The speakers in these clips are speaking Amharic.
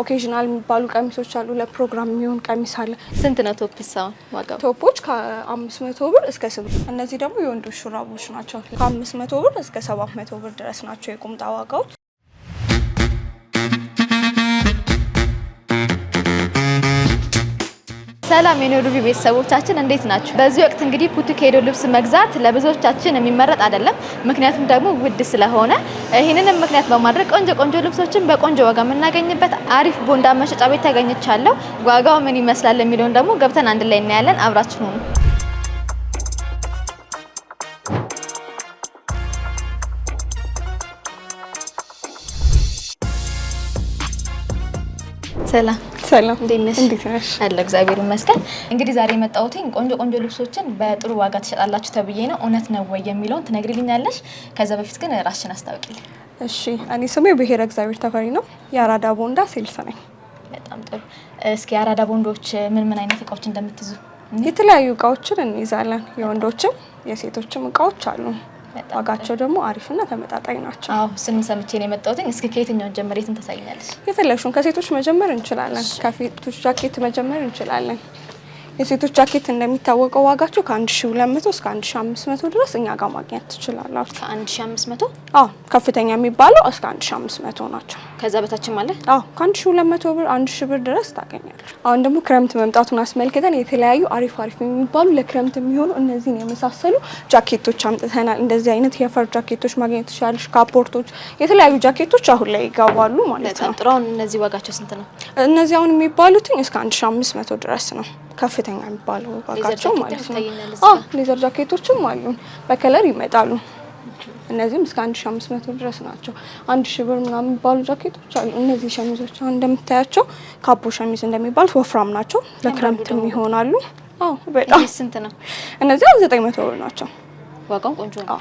ኦኬዥናል የሚባሉ ቀሚሶች አሉ። ለፕሮግራም የሚሆን ቀሚስ አለ። ስንት ነው ቶፕ ሳይሆን ዋጋው? ቶፖች ከአምስት መቶ ብር እስከ ስ እነዚህ ደግሞ የወንዶች ሹራቦች ናቸው። ከአምስት መቶ ብር እስከ ሰባት መቶ ብር ድረስ ናቸው የቁምጣ ዋጋዎች። ሰላም የኔ ቤተሰቦቻችን እንዴት ናችሁ? በዚህ ወቅት እንግዲህ ቡቲክ ሄዶ ልብስ መግዛት ለብዙዎቻችን የሚመረጥ አይደለም፣ ምክንያቱም ደግሞ ውድ ስለሆነ። ይህንንም ምክንያት በማድረግ ቆንጆ ቆንጆ ልብሶችን በቆንጆ ዋጋ የምናገኝበት አሪፍ ቦንዳ መሸጫ ቤት ተገኝቻለሁ። ዋጋው ምን ይመስላል የሚለውን ደግሞ ገብተን አንድ ላይ እናያለን። አብራችን ሁኑ። ሰላም ሰላም እንዴት ነሽ? አለ እግዚአብሔር ይመስገን። እንግዲህ ዛሬ የመጣሁት ቆንጆ ቆንጆ ልብሶችን በጥሩ ዋጋ ትሸጣላችሁ ተብዬ ነው። እውነት ነው ወይ የሚለውን ትነግሪልኛለሽ? ከዛ በፊት ግን ራስሽን አስታውቂልኝ። እሺ፣ እኔ ስሜ ብሔረ እግዚአብሔር ተፈሪ ነው። የአራዳ ቦንዳ ሴልስ ነኝ። በጣም ጥሩ። እስኪ የአራዳ ቦንዶች ምን ምን አይነት እቃዎች እንደምትይዙ የተለያዩ እቃዎችን እንይዛለን። የወንዶችም የሴቶችም እቃዎች አሉ። ዋጋቸው ደግሞ አሪፍና ተመጣጣኝ ናቸው። አዎ ስም ሰምቼ ነው የመጣሁት። እስኪ ከየትኛውን ጀመሬትን ታሳይኛለች? ከሴቶች መጀመር እንችላለን። ከፊቶች ጃኬት መጀመር እንችላለን። የሴቶች ጃኬት እንደሚታወቀው ዋጋቸው ከ1200 እስከ 1500 ድረስ እኛ ጋር ማግኘት ትችላላችሁ። ከ1500 አዎ ከፍተኛ የሚባለው እስከ 1500 ናቸው። ከዛ በታችም አለ። አዎ ከአንድ ሺ ሁለት መቶ ብር አንድ ሺ ብር ድረስ ታገኛለች። አሁን ደግሞ ክረምት መምጣቱን አስመልክተን የተለያዩ አሪፍ አሪፍ የሚባሉ ለክረምት የሚሆኑ እነዚህን የመሳሰሉ ጃኬቶች አምጥተናል። እንደዚህ አይነት የፈር ጃኬቶች ማግኘት ትችላለች። ካፖርቶች፣ የተለያዩ ጃኬቶች አሁን ላይ ይገባሉ ማለት ነው። ጥራውን እነዚህ ዋጋቸው ስንት ነው? እነዚህ አሁን የሚባሉትኝ እስከ አንድ ሺ አምስት መቶ ድረስ ነው ከፍተኛ የሚባለው ዋጋቸው ማለት ነው። ሌዘር ጃኬቶችም አሉ በከለር ይመጣሉ። እነዚህም እስከ አንድ ሺ5ምስት መቶ ድረስ ናቸው። አንድ ሺ ብር ምናምን የሚባሉ ጃኬቶች አሉ። እነዚህ ሸሚዞች አሁን እንደምታያቸው ካፖ ሸሚዝ እንደሚባሉት ወፍራም ናቸው። ለክረምትም ይሆናሉ። በጣም ስንት ነው? እነዚህ መቶ ብር ናቸው። ዋጋም ቆንጆ ነው፣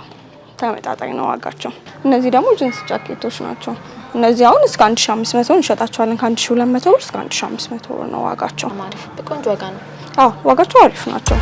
ተመጣጣኝ ነው ዋጋቸው። እነዚህ ደግሞ ጅንስ ጃኬቶች ናቸው። እነዚህ አሁን እስከ ሺ መቶ እንሸጣቸዋለን ሁለት መቶ ብር እስከ መቶ ብር ነው ዋጋቸው። ቆንጆ ዋጋ ነው። ዋጋቸው አሪፍ ናቸው።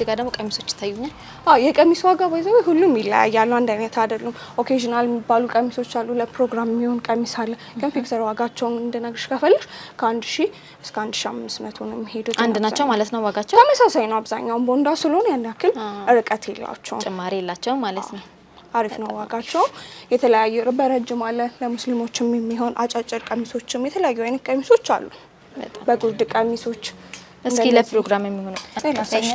እዚህ ጋር ደግሞ ቀሚሶች ይታዩኛል። አዎ የቀሚስ ዋጋ ባይዘው ሁሉም ይለያያሉ፣ አንድ አይነት አይደሉም። ኦኬዥናል የሚባሉ ቀሚሶች አሉ፣ ለፕሮግራም የሚሆን ቀሚስ አለ። ግን ፊክሰር ዋጋቸውን እንድነግርሽ ከፈለግሽ ከአንድ ሺ እስከ አንድ ሺ አምስት መቶ ነው የሚሄዱት። አንድ ናቸው ማለት ነው ዋጋቸው ተመሳሳይ ነው። አብዛኛውን ቦንዳ ስለሆነ ያን ያክል ርቀት የላቸውም፣ ጭማሪ የላቸውም ማለት ነው። አሪፍ ነው ዋጋቸው። የተለያዩ በረጅም አለ ለሙስሊሞችም የሚሆን አጫጭር ቀሚሶችም የተለያዩ አይነት ቀሚሶች አሉ፣ በጉርድ ቀሚሶች እስኪ ለፕሮግራም የሚሆኑ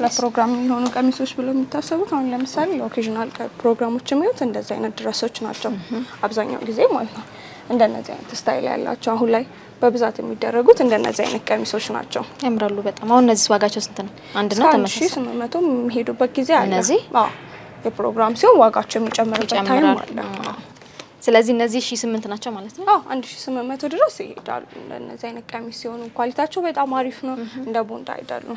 ለፕሮግራም የሚሆኑ ቀሚሶች ብሎ የሚታሰቡት አሁን ለምሳሌ ለኦኬዥናል ፕሮግራሞች የሚሆኑት እንደዚህ አይነት ድረሶች ናቸው አብዛኛው ጊዜ ማለት ነው። እንደነዚህ አይነት ስታይል ያላቸው አሁን ላይ በብዛት የሚደረጉት እንደነዚህ አይነት ቀሚሶች ናቸው። ያምራሉ በጣም። አሁን እነዚህ ዋጋቸው ስንት ነው? አንድ ነው ተመሳሳይ ሺህ ስምንት መቶ የሚሄዱበት ጊዜ አለ። እነዚህ የፕሮግራም ሲሆን ዋጋቸው የሚጨምርበት ታይም አለ። ስለዚህ እነዚህ ሺ ስምንት ናቸው ማለት ነው። አንድ ሺ ስምንት መቶ ድረስ ይሄዳሉ። እንደነዚህ አይነት ቀሚስ ሲሆኑ ኳሊቲያቸው በጣም አሪፍ ነው። እንደ ቦንዳ አይዳሉ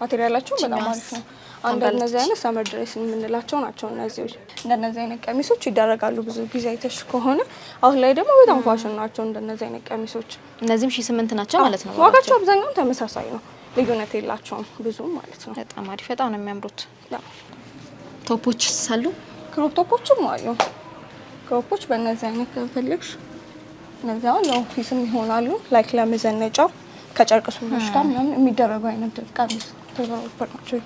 ማቴሪያላቸው በጣም አሪፍ ነው። አንድ እነዚህ አይነት ሰመር ድሬስ የምንላቸው ናቸው። እነዚህ እንደነዚህ አይነት ቀሚሶች ይደረጋሉ ብዙ ጊዜ አይተሽ ከሆነ አሁን ላይ ደግሞ በጣም ፋሽን ናቸው። እንደነዚህ አይነት ቀሚሶች እነዚህም ሺ ስምንት ናቸው ማለት ነው። ዋጋቸው አብዛኛውን ተመሳሳይ ነው። ልዩነት የላቸውም ብዙም ማለት ነው። በጣም አሪፍ በጣም ነው የሚያምሩት። ቶፖች ሳሉ ክሮፕ ቶፖችም አሉ። ከወፖች በእነዚህ አይነት ከፈለግሽ እነዚያውን ለኦፊስም ይሆናሉ። ላይክ ለመዘነጫው ከጨርቅ ሱሪዎች ጋር ምናምን የሚደረጉ አይነት ቀሚስ ተዘራበር ናቸው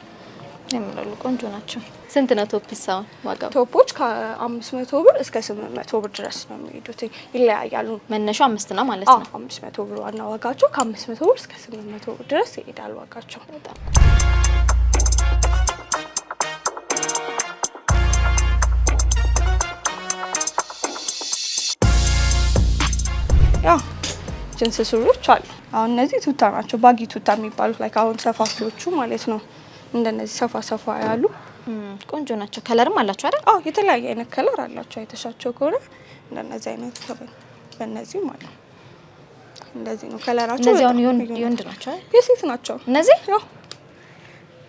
የሚላሉ ቆንጆ ናቸው። ስንት ነው ቶፕስ? አሁን ዋጋው ቶፖች ከአምስት መቶ ብር እስከ ስምንት መቶ ብር ድረስ ነው የሚሄዱት። ይለያያሉ። መነሻው አምስት ነው ማለት ነው። አምስት መቶ ብር ዋና ዋጋቸው፣ ከአምስት መቶ ብር እስከ ስምንት መቶ ብር ድረስ ይሄዳል ዋጋቸው። ጅንስ ሱሪዎች አሉ። አሁን እነዚህ ቱታ ናቸው፣ ባጊ ቱታ የሚባሉት ላይ አሁን ሰፋፊዎቹ ማለት ነው። እንደነዚህ ሰፋ ሰፋ ያሉ ቆንጆ ናቸው። ከለርም አላቸው አይደል? አዎ የተለያየ አይነት ከለር አላቸው። አይተሻቸው ከሆነ እንደነዚህ አይነት በእነዚህ ማለት ነው። እንደዚህ ነው ከለራቸው። እነዚህ አሁን የወንድ ናቸው፣ የሴት ናቸው እነዚህ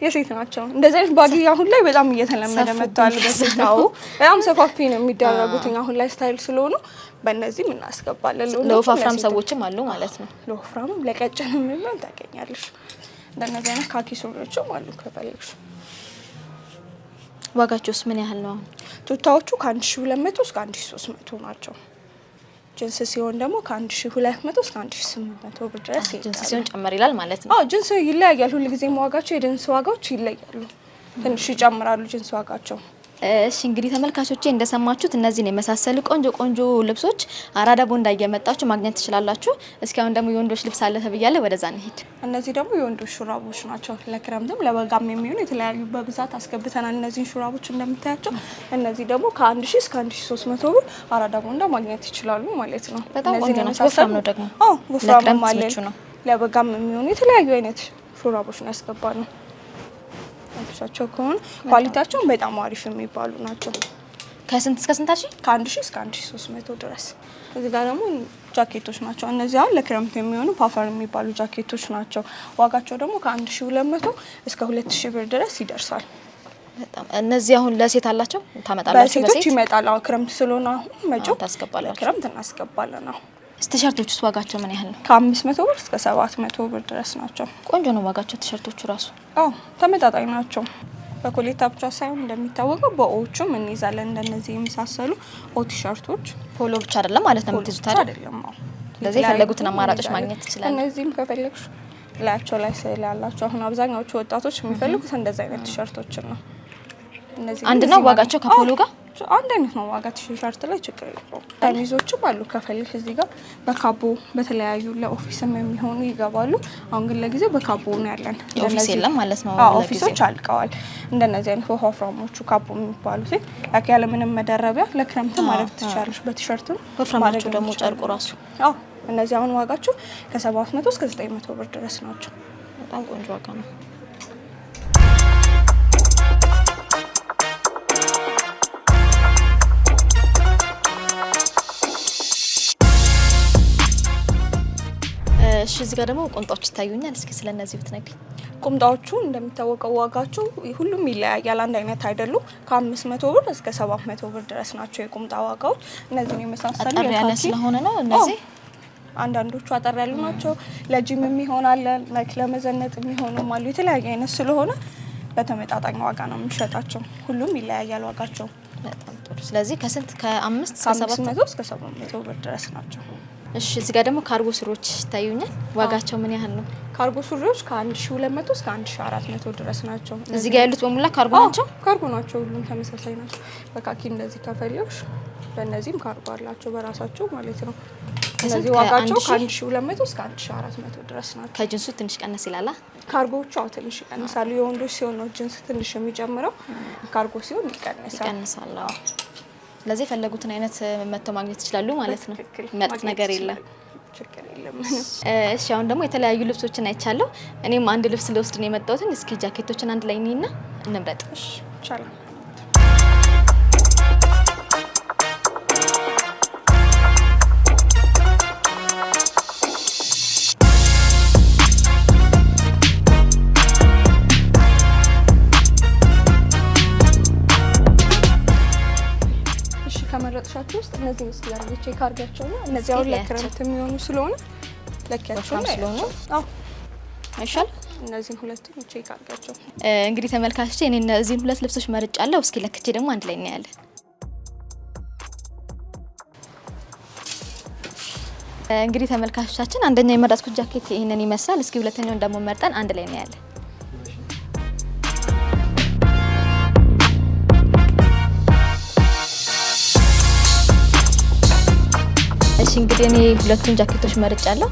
የሴት ናቸው። እንደዚህ አይነት ባጊ አሁን ላይ በጣም እየተለመደ መጥቷል። በስታው በጣም ሰፋፊ ነው የሚደረጉት አሁን ላይ ስታይል ስለሆኑ በእነዚህም እናስገባለን። ለወፍራም ሰዎችም አሉ ማለት ነው። ለወፍራም ለቀጭን የሚሆን ታገኛለሽ። እንደነዚህ አይነት ካኪ ሱሪዎችም አሉ ከፈለግሽ። ዋጋቸውስ ምን ያህል ነው? አሁን ቱታዎቹ ከአንድ ሺ ሁለት መቶ እስከ አንድ ሺ ሶስት መቶ ናቸው። ጅንስ ሲሆን ደግሞ ከአንድ ሺ እስከ 1800 ብር ድረስ ጅንስ ሲሆን ጨመር ይላል ማለት ነው። ጅንስ ይለያያል። ሁልጊዜም ዋጋቸው የጅንስ ዋጋዎች ይለያሉ። ትንሽ ይጨምራሉ ጅንስ ዋጋቸው እሺ እንግዲህ ተመልካቾቼ እንደሰማችሁት እነዚህን የመሳሰሉ ቆንጆ ቆንጆ ልብሶች አራዳ ቦንዳ እየመጣችሁ ማግኘት ትችላላችሁ። እስኪ አሁን ደግሞ የወንዶች ልብስ አለ ተብያለ፣ ወደዛ እንሄድ እነዚህ ደግሞ የወንዶች ሹራቦች ናቸው። ለክረምትም ለበጋም የሚሆኑ የተለያዩ በብዛት አስገብተናል እነዚህን ሹራቦች እንደምታያቸው። እነዚህ ደግሞ 1 ሺ እስከ 1 ሺ ሶስት ብር አራዳ ቦንዳ ማግኘት ይችላሉ ማለት ነው። በጣም ነው ደግሞ ለክረምት ነው ለበጋም የሚሆኑ የተለያዩ አይነት ሹራቦች ነው ያስገባ ነው አይተሻቸው ከሆነ ኳሊቲያቸውን በጣም አሪፍ የሚባሉ ናቸው። ከስንት እስከ ስንት አልሽኝ? ከአንድ ሺህ እስከ አንድ ሺህ ሶስት መቶ ድረስ። እዚህ ጋር ደግሞ ጃኬቶች ናቸው። እነዚህ አሁን ለክረምት የሚሆኑ ፓፈር የሚባሉ ጃኬቶች ናቸው። ዋጋቸው ደግሞ ከአንድ ሺህ ሁለት መቶ እስከ ሁለት ሺህ ብር ድረስ ይደርሳል። በጣም እነዚህ አሁን ለሴት አላቸው ታመጣላችሁ? በሴቶች ይመጣል። አሁን ክረምት ስለሆነ አሁን መጪው ክረምት እናስገባለን። አሁን ቲሸርቶች ውስጥ ዋጋቸው ምን ያህል ነው? ከአምስት መቶ ብር እስከ ሰባት መቶ ብር ድረስ ናቸው። ቆንጆ ነው ዋጋቸው ቲሸርቶቹ ራሱ። አዎ ተመጣጣኝ ናቸው። በኮሌታ ብቻ ሳይሆን እንደሚታወቀው በኦዎቹም እንይዛለን። እንደነዚህ የመሳሰሉ ኦ ቲሸርቶች ፖሎ ብቻ አይደለም ማለት ነው የምትይዙት አይደለም? ስለዚህ የፈለጉትን አማራጮች ማግኘት ይችላል። እነዚህም ከፈለግሽ ላያቸው ላይ ስዕል ያላቸው አሁን አብዛኛዎቹ ወጣቶች የሚፈልጉት እንደዚህ አይነት ቲሸርቶችን ነው። አንድ ነው ዋጋቸው ከፖሎ ጋር አንድ አይነት ነው ዋጋ። ቲሸርት ላይ ችግር የለውም። ሸሚዞችም አሉ ከፈልግ እዚህ ጋር በካቦ በተለያዩ ለኦፊስም የሚሆኑ ይገባሉ። አሁን ግን ለጊዜው በካቦ ነው ያለን። ኦፊስ የለም ማለት ነው። ኦፊሶች አልቀዋል። እንደነዚህ አይነት ወፍራሞቹ ካቦ የሚባሉት ያለምንም መደረቢያ ለክረምት ማድረግ ትችላለች። በቲሸርትም ወፍራማቸው ደግሞ ጨርቁ ራሱ እነዚህ አሁን ዋጋቸው ከሰባት መቶ እስከ ዘጠኝ መቶ ብር ድረስ ናቸው። በጣም ቆንጆ ዋጋ ነው። እሺ እዚህ ጋር ደግሞ ቁምጣዎች ይታዩኛል። እስኪ ስለ እነዚህ ብትነግሪኝ። ቁምጣዎቹ እንደሚታወቀው ዋጋቸው ሁሉም ይለያያል፣ አንድ አይነት አይደሉም። ከአምስት መቶ ብር እስከ ሰባት መቶ ብር ድረስ ናቸው የቁምጣ ዋጋዎች። እነዚህን የመሳሰሉ ያለ ስለሆነ ነው እነዚህ አንዳንዶቹ አጠር ያሉ ናቸው። ለጂም የሚሆን አለ፣ ላይክ ለመዘነጥ የሚሆኑ አሉ። የተለያየ አይነት ስለሆነ በተመጣጣኝ ዋጋ ነው የሚሸጣቸው። ሁሉም ይለያያል ዋጋቸው። ስለዚህ ከስንት ከአምስት ከሰባት መቶ እስከ ሰባት መቶ ብር ድረስ ናቸው። እሺ እዚህ ጋር ደግሞ ካርጎ ስሮች ይታዩኛል። ዋጋቸው ምን ያህል ነው? ካርጎ ሱሪዎች ከ1200 እስከ 1400 ድረስ ናቸው። እዚህ ጋር ያሉት በሙላ ካርጎ ናቸው። ካርጎ ናቸው፣ ሁሉም ተመሳሳይ ናቸው። በካኪ እንደዚህ ከፈለግሽ በእነዚህም ካርጎ አላቸው በራሳቸው ማለት ነው። እነዚህ ዋጋቸው ከ1200 እስከ 1400 ድረስ ናቸው። ከጅንሱ ትንሽ ቀነስ ይላላ። ካርጎቹ አዎ ትንሽ ይቀንሳሉ። የወንዶች ሲሆን ነው ጅንስ ትንሽ የሚጨምረው፣ ካርጎ ሲሆን ይቀንሳል። ስለዚህ የፈለጉትን አይነት መጥተው ማግኘት ይችላሉ ማለት ነው። መጥ ነገር የለም። እሺ አሁን ደግሞ የተለያዩ ልብሶችን አይቻለሁ። እኔም አንድ ልብስ ልወስድ ነው የመጣሁትን። እስኪ ጃኬቶችን አንድ ላይ እኔና እንምረጥ። ከመረጥሻቸው ውስጥ እነዚህ ምስል አድርጌ ካርጋቸው ነው። እነዚህ አሁን ለክረምት የሚሆኑ ስለሆነ ለኪያቸው ስለሆኑ ይሻል እነዚህን ሁለቱን ቼክ አድርጋቸው። እንግዲህ ተመልካች እኔ እነዚህን ሁለት ልብሶች መርጫለሁ። እስኪ ለክቼ ደግሞ አንድ ላይ እናያለን። እንግዲህ ተመልካቾቻችን አንደኛው የመረጥኩት ጃኬት ይህንን ይመስላል። እስኪ ሁለተኛውን ደግሞ መርጠን አንድ ላይ እናያለን። እንግዲህ እኔ ሁለቱን ጃኬቶች መርጫለሁ።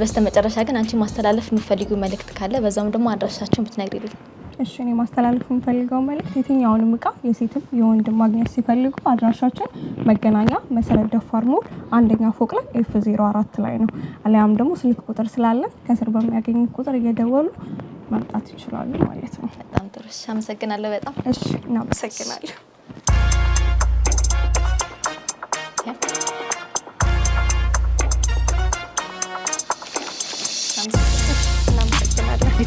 በስተመጨረሻ ግን አንቺ ማስተላለፍ የምፈልጊው መልእክት ካለ በዛውም ደግሞ አድራሻቸውን ብትነግሪልኝ። እሺ፣ እኔ ማስተላለፍ የምፈልገው መልእክት የትኛውንም እቃ የሴትም የወንድም ማግኘት ሲፈልጉ አድራሻችን መገናኛ መሰረት ደፋር ሞል አንደኛ ፎቅ ላይ ኤፍ ዜሮ አራት ላይ ነው። አሊያም ደግሞ ስልክ ቁጥር ስላለን ከስር በሚያገኙ ቁጥር እየደወሉ መምጣት ይችላሉ ማለት ነው። በጣም ጥሩ። አመሰግናለሁ። በጣም እሺ፣ እናመሰግናለሁ።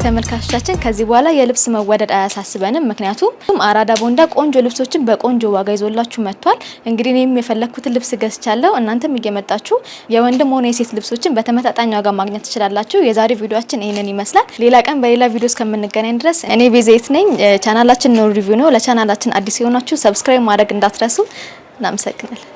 ተመልካቾቻችን ከዚህ በኋላ የልብስ መወደድ አያሳስበንም። ምክንያቱም አራዳ ቦንዳ ቆንጆ ልብሶችን በቆንጆ ዋጋ ይዞላችሁ መጥቷል። እንግዲህ እኔም የፈለግኩትን ልብስ ገዝቻለሁ። እናንተም እየመጣችሁ የወንድም ሆነ የሴት ልብሶችን በተመጣጣኝ ዋጋ ማግኘት ትችላላችሁ። የዛሬው ቪዲዮችን ይህንን ይመስላል። ሌላ ቀን በሌላ ቪዲዮ እስከምንገናኝ ድረስ እኔ ቤዜት ነኝ። ቻናላችን ኖር ሪቪው ነው። ለቻናላችን አዲስ የሆናችሁ ሰብስክራይብ ማድረግ እንዳትረሱ። እናመሰግናለን።